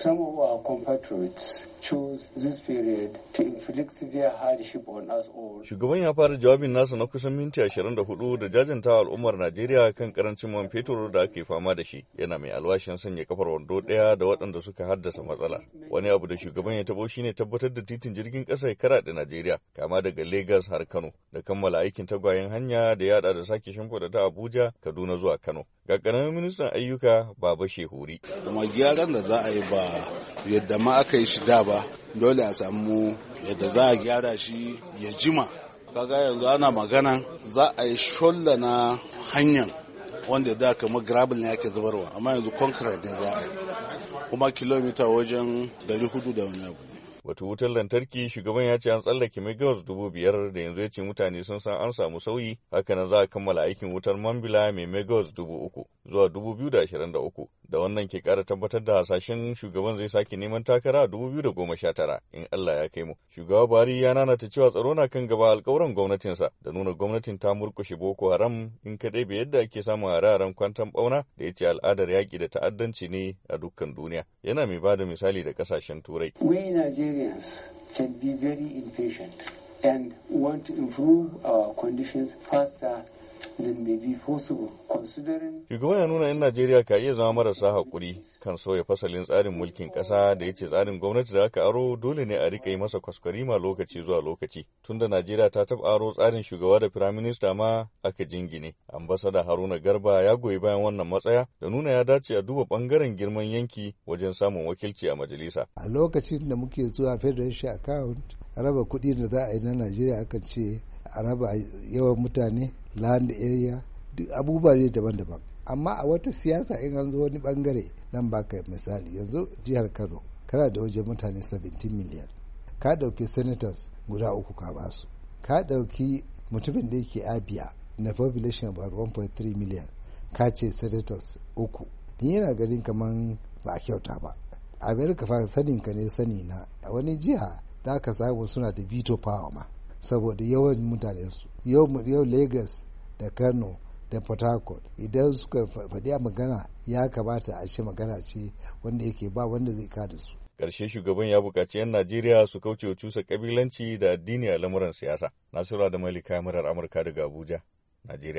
some of our compatriots Shugaban ya fara jawabin nasa na kusan minti 24 da jajanta al'ummar Najeriya kan karancin man fetur da ake fama da shi yana mai alwashin sanya kafar wando ɗaya da waɗanda suka haddasa matsala Wani abu da shugaban ya tabo shine tabbatar da titin jirgin ƙasa ya karaɗe Najeriya kama daga Lagos har Kano da kammala aikin tagwayen hanya da yada da sake shimfiɗa ta Abuja Kaduna zuwa Kano. Ga ministan ayyuka Baba Shehuri. Kuma gyaran da za a yi ba yadda ma aka yi shi da ba dole a samu yadda za a gyara shi ya jima kaga yanzu ana magana za a yi sholla na hanyar wanda da kamar gravel ne ake zubarwa amma yanzu concrete ne za a yi kuma kilomita wajen 400 da wani abu ne wata wutar lantarki shugaban ya ce an tsallake megawatt dubu biyar da yanzu ya ce mutane sun san an samu sauyi hakanan za a kammala aikin wutar mambila mai megawatt dubu uku zuwa dubu biyu da ashirin da uku da wannan ke kara tabbatar da hasashen shugaban zai sake neman takara a 2019 in Allah ya kai mu. Shugaba Buhari ya nanata cewa tsaro na kan gaba alkawuran gwamnatinsa da nuna gwamnatin ta murkushe Boko Haram in kadai bai yadda ake samun hararen kwantan bauna da ya ce al'adar yaƙi da ta'addanci ne a dukkan duniya. Yana mai ba da misali da kasashen Turai. We Nigerians can be very impatient and want to improve our conditions faster Shugaban ya nuna 'yan Najeriya ka iya zama marasa haƙuri kan sauya fasalin tsarin mulkin ƙasa da ya ce tsarin gwamnati da aka aro dole ne a riƙa yi masa kwaskwarima lokaci zuwa lokaci. Tunda Najeriya ta taɓa aro tsarin shugaba da firaminista ma aka jingine. Ambasada Haruna Garba ya goyi bayan wannan matsaya da nuna ya dace a duba ɓangaren girman yanki wajen samun wakilci a majalisa. A lokacin da muke zuwa Federation Account raba kuɗi da za a yi na Najeriya akan ce a raba yawan mutane land area duk abubuwa ne daban-daban amma a wata siyasa in an zo wani bangare nan baka misali yanzu jihar kano kana da wajen mutane 17 million ka dauki senators guda uku ka basu ka dauki mutumin da yake abia na population about 1.3 million ka ce senators uku ni yana ganin kamar ba a kyauta ba a america fa sanin ka ne sani na wani jiha za ka samu suna da veto power ma saboda yawan su yau lagos da kano da port idan suka faɗi a magana ya kamata a ce magana ce wanda yake ba wanda zai kada su karshe shugaban ya bukaci 'yan najeriya su kauce wa cusa kabilanci da addini a lamuran siyasa nasiru da malika murar amurka daga abuja najeriya